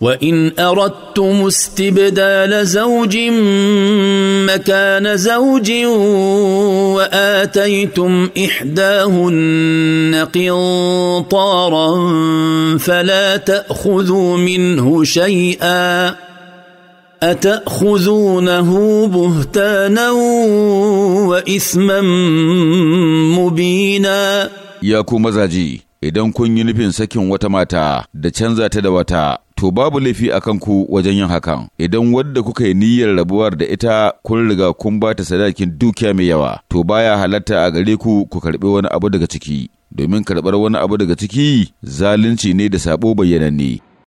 وان اردتم استبدال زوج مكان زوج واتيتم احداهن قنطارا فلا تاخذوا منه شيئا اتاخذونه بهتانا واثما مبينا يا كو مزاجي idan kun yi nufin sakin wata mata da canza ta da wata to babu laifi a kanku wajen yin hakan idan wadda kuka yi niyyar rabuwar da ita kun riga kun ba ta sadakin dukiya mai yawa to baya halatta a gare ku ku karɓi wani abu daga ciki domin karɓar wani abu daga ciki zalunci ne da sabo bayyananne